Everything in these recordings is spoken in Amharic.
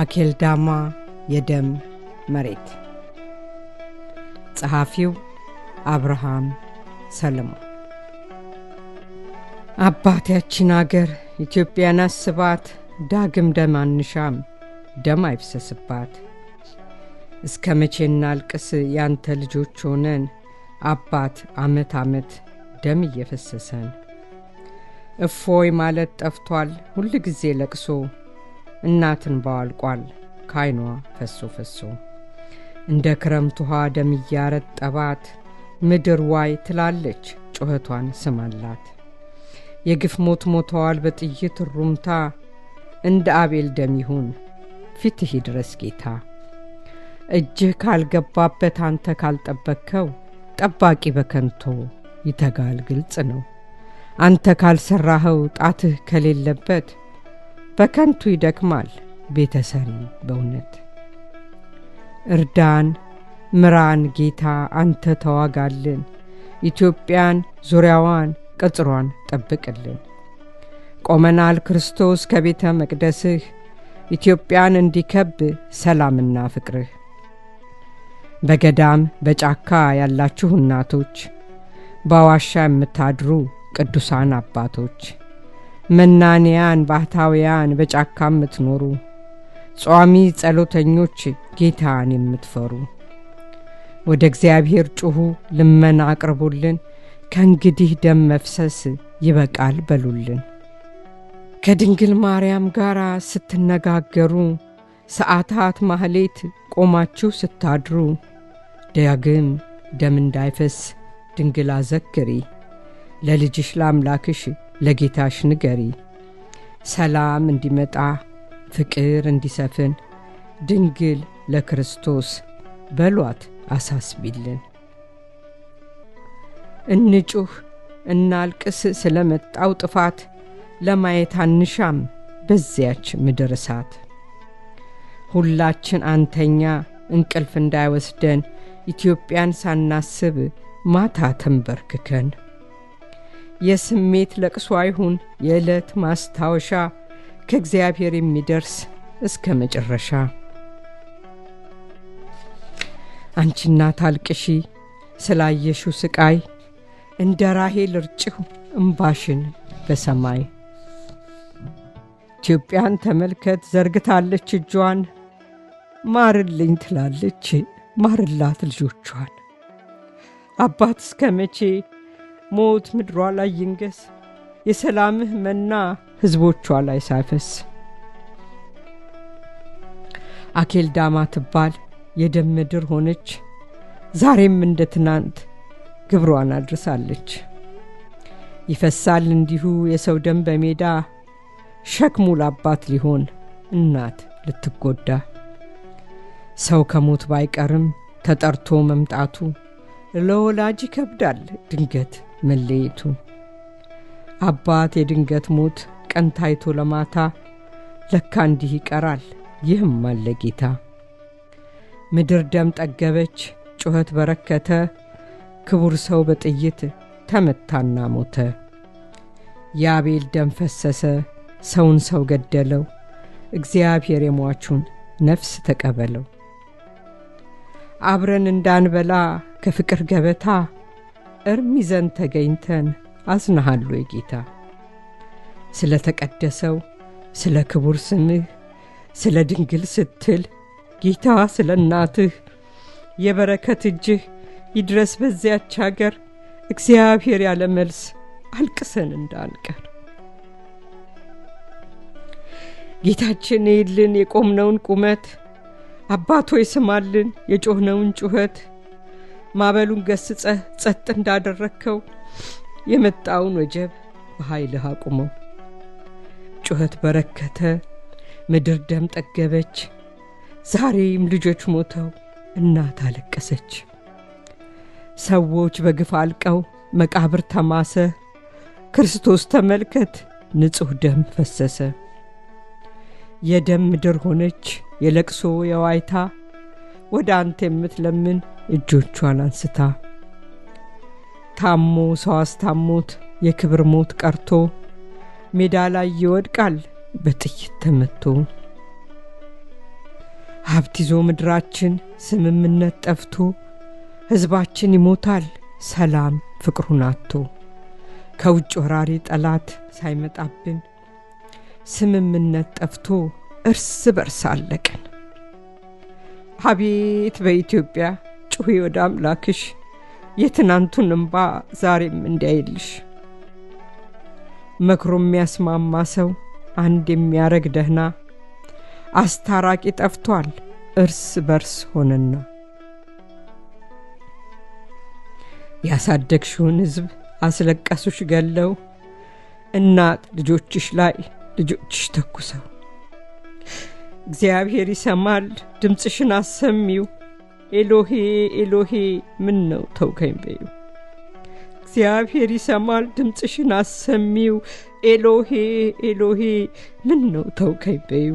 አኬልዳማ የደም መሬት ጸሐፊው አብርሃም ሰለሞን። አባታችን አገር ኢትዮጵያን አስባት፣ ዳግም ደም አንሻም፣ ደም አይፍሰስባት። እስከ መቼ እናልቅስ ያንተ ልጆች ሆነን አባት አመት አመት ደም እየፈሰሰን እፎይ ማለት ጠፍቷል ሁል ጊዜ ለቅሶ እናትን በዋልቋል ካይኗ ፈሶ ፈሶ እንደ ክረምት ውሃ ደም እያረጠባት ምድር ዋይ ትላለች ጩኸቷን ስማላት። የግፍ ሞት ሞተዋል በጥይት ሩምታ እንደ አቤል ደም ይሁን ፊትህ ድረስ ጌታ። እጅህ ካልገባበት አንተ ካልጠበከው ጠባቂ በከንቶ ይተጋል፣ ግልጽ ነው። አንተ ካልሰራኸው ጣትህ ከሌለበት በከንቱ ይደክማል ቤተሰሪ። በእውነት እርዳን፣ ምራን ጌታ አንተ ተዋጋልን፣ ኢትዮጵያን ዙሪያዋን ቅጥሯን ጠብቅልን። ቆመናል ክርስቶስ ከቤተ መቅደስህ ኢትዮጵያን እንዲከብ ሰላምና ፍቅርህ። በገዳም በጫካ ያላችሁ እናቶች፣ በዋሻ የምታድሩ ቅዱሳን አባቶች መናንያን ባህታውያን በጫካ የምትኖሩ ጿሚ ጸሎተኞች ጌታን የምትፈሩ ወደ እግዚአብሔር ጩኹ፣ ልመና አቅርቡልን። ከእንግዲህ ደም መፍሰስ ይበቃል በሉልን። ከድንግል ማርያም ጋር ስትነጋገሩ ሰዓታት ማህሌት ቆማችሁ ስታድሩ ዳግም ደም እንዳይፈስ ድንግል አዘክሪ ለልጅሽ ለአምላክሽ ለጌታሽ ንገሪ። ሰላም እንዲመጣ፣ ፍቅር እንዲሰፍን ድንግል ለክርስቶስ በሏት አሳስቢልን። እንጩህ እናልቅስ ስለመጣው ጥፋት ለማየት አንሻም በዚያች ምድር እሳት። ሁላችን አንተኛ እንቅልፍ እንዳይወስደን ኢትዮጵያን ሳናስብ ማታ ተንበርክከን የስሜት ለቅሶ አይሁን የዕለት ማስታወሻ ከእግዚአብሔር የሚደርስ እስከ መጨረሻ አንቺና ታልቅሺ ስላየሹ ስላየሽው ስቃይ እንደ ራሄል እርጭሁ እምባሽን በሰማይ ኢትዮጵያን ተመልከት ዘርግታለች እጇን ማርልኝ ትላለች ማርላት ልጆቿን አባት እስከ መቼ ሞት ምድሯ ላይ ይንገስ፣ የሰላምህ መና ህዝቦቿ ላይ ሳይፈስ። አኬል ዳማ ትባል የደም ምድር ሆነች፣ ዛሬም እንደ ትናንት ግብሯን አድርሳለች። ይፈሳል እንዲሁ የሰው ደም በሜዳ ሸክሙ ለአባት ሊሆን እናት ልትጎዳ። ሰው ከሞት ባይቀርም ተጠርቶ መምጣቱ ለወላጅ ይከብዳል ድንገት መለየቱ አባት የድንገት ሞት ቀን ታይቶ ለማታ ለካ እንዲህ ይቀራል ይህም ጌታ ምድር ደም ጠገበች ጩኸት በረከተ ክቡር ሰው በጥይት ተመታና ሞተ የአቤል ደም ፈሰሰ ሰውን ሰው ገደለው እግዚአብሔር የሟቹን ነፍስ ተቀበለው አብረን እንዳንበላ ከፍቅር ገበታ እርም ይዘን ተገኝተን አዝናሃሉ ጌታ? ስለ ተቀደሰው ስለ ክቡር ስምህ ስለ ድንግል ስትል ጌታ ስለ እናትህ የበረከት እጅህ ይድረስ በዚያች አገር እግዚአብሔር ያለ መልስ አልቅሰን እንዳንቀር ጌታችን ይልን የቆምነውን ቁመት አባቶ ይስማልን የጮህነውን ጩኸት ማበሉን ገስጸህ ጸጥ እንዳደረግከው የመጣውን ወጀብ በኃይልህ አቁመው። ጩኸት በረከተ፣ ምድር ደም ጠገበች። ዛሬም ልጆች ሞተው እናት አለቀሰች። ሰዎች በግፍ አልቀው መቃብር ተማሰ። ክርስቶስ ተመልከት፣ ንጹሕ ደም ፈሰሰ። የደም ምድር ሆነች የለቅሶ የዋይታ ወደ አንተ የምትለምን እጆቿን አንስታ ታሞ ሰው አስታሞት የክብር ሞት ቀርቶ ሜዳ ላይ ይወድቃል በጥይት ተመቶ። ሀብት ይዞ ምድራችን ስምምነት ጠፍቶ ሕዝባችን ይሞታል ሰላም ፍቅሩን አቶ ከውጭ ወራሪ ጠላት ሳይመጣብን ስምምነት ጠፍቶ እርስ በርስ አለቅን። አቤት በኢትዮጵያ ጩኺ ወደ አምላክሽ፣ የትናንቱን እንባ ዛሬም እንዲያይልሽ። መክሮ የሚያስማማ ሰው አንድ የሚያረግ ደህና፣ አስታራቂ ጠፍቷል እርስ በርስ ሆነና ያሳደግሽውን ህዝብ አስለቀሱሽ ገለው እናት ልጆችሽ ላይ ልጆችሽ ተኩሰው እግዚአብሔር ይሰማል ድምፅሽን አሰሚው ኤሎሄ ኤሎሄ ምን ነው ተውከኝ በዩ እግዚአብሔር ይሰማል ድምፅሽን አሰሚው ኤሎሄ ኤሎሄ ምን ነው ተውከኝ በዩ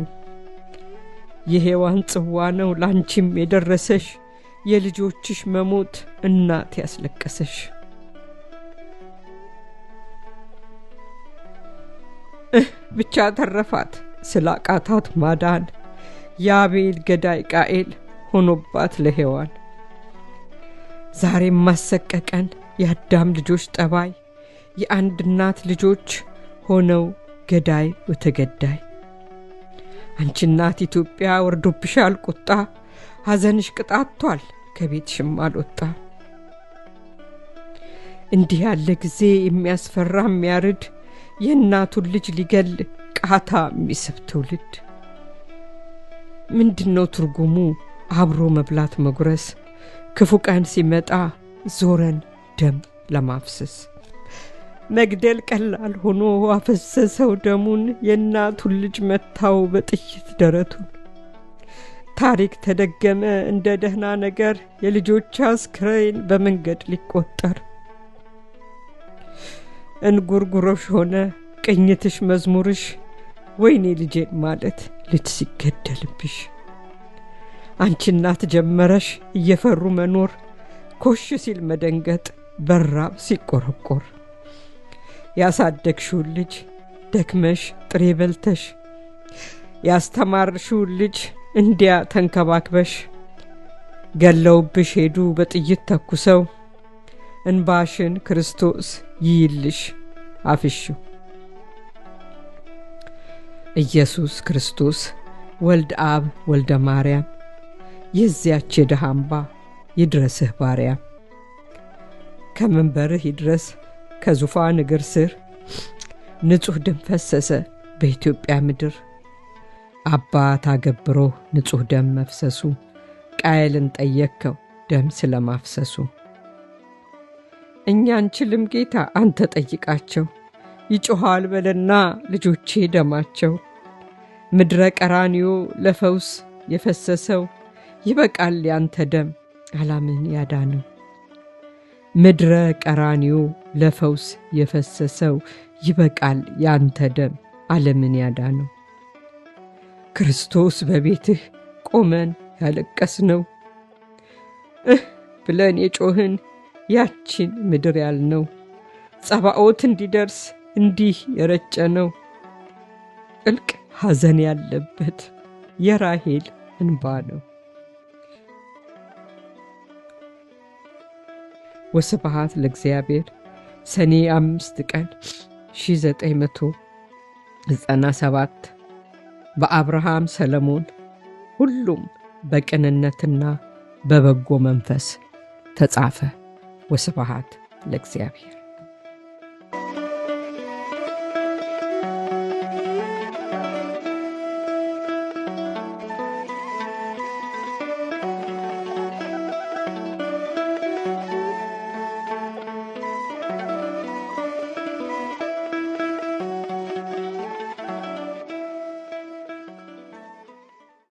የሔዋን ጽዋ ነው ላንቺም የደረሰሽ የልጆችሽ መሞት እናት ያስለቀሰሽ ብቻ ተረፋት ስላቃታት ማዳን የአቤል ገዳይ ቃኤል ሆኖባት ለሔዋን ዛሬም ማሰቀቀን የአዳም ልጆች ጠባይ የአንድ እናት ልጆች ሆነው ገዳይ ወተገዳይ አንቺ እናት ኢትዮጵያ ወርዶብሻል ቁጣ ሐዘንሽ ቅጣቷል ከቤትሽም አልወጣ እንዲህ ያለ ጊዜ የሚያስፈራ የሚያርድ የእናቱን ልጅ ሊገል ቃታ የሚስብ ትውልድ ምንድን ነው ትርጉሙ አብሮ መብላት መጉረስ፣ ክፉ ቀን ሲመጣ ዞረን ደም ለማፍሰስ መግደል ቀላል ሆኖ አፈሰሰው ደሙን፣ የእናቱን ልጅ መታው በጥይት ደረቱን። ታሪክ ተደገመ እንደ ደህና ነገር፣ የልጆች አስክሬን በመንገድ ሊቆጠር። እንጉርጉሮሽ ሆነ ቅኝትሽ መዝሙርሽ፣ ወይኔ ልጄን ማለት ልጅ ሲገደልብሽ አንቺ እናት ጀመረሽ እየፈሩ መኖር፣ ኮሽ ሲል መደንገጥ፣ በራብ ሲቆረቆር ያሳደግሽውን ልጅ ደክመሽ ጥሬ በልተሽ ያስተማርሽውን ልጅ እንዲያ ተንከባክበሽ ገለውብሽ ሄዱ በጥይት ተኩሰው እንባሽን ክርስቶስ ይይልሽ አፍሽው። ኢየሱስ ክርስቶስ ወልድ አብ ወልደ ማርያም የዚያች የድሃ አምባ ይድረስህ ባሪያ ከመንበርህ ይድረስ ከዙፋን እግር ስር ንጹሕ ደም ፈሰሰ በኢትዮጵያ ምድር። አባት አገብሮ ንጹሕ ደም መፍሰሱ ቃየልን ጠየከው ደም ስለማፍሰሱ። እኛ አንችልም ጌታ አንተ ጠይቃቸው፣ ይጮኋል በለና ልጆቼ ደማቸው ምድረ ቀራኒዮ ለፈውስ የፈሰሰው ይበቃል ያንተ ደም ዓላምን ያዳነው ምድረ ቀራኒዮ ለፈውስ የፈሰሰው ይበቃል ያንተ ደም ዓለምን ያዳነው ክርስቶስ በቤትህ ቆመን ያለቀስነው እህ ብለን የጮህን ያቺን ምድር ያልነው ጸባኦት እንዲደርስ እንዲህ የረጨ ነው ጥልቅ ሐዘን ያለበት የራሄል እንባ ነው። ወስብሐት ለእግዚአብሔር። ሰኔ አምስት ቀን 1997 በአብርሃም ሰለሞን ሁሉም በቅንነትና በበጎ መንፈስ ተጻፈ። ወስብሐት ለእግዚአብሔር።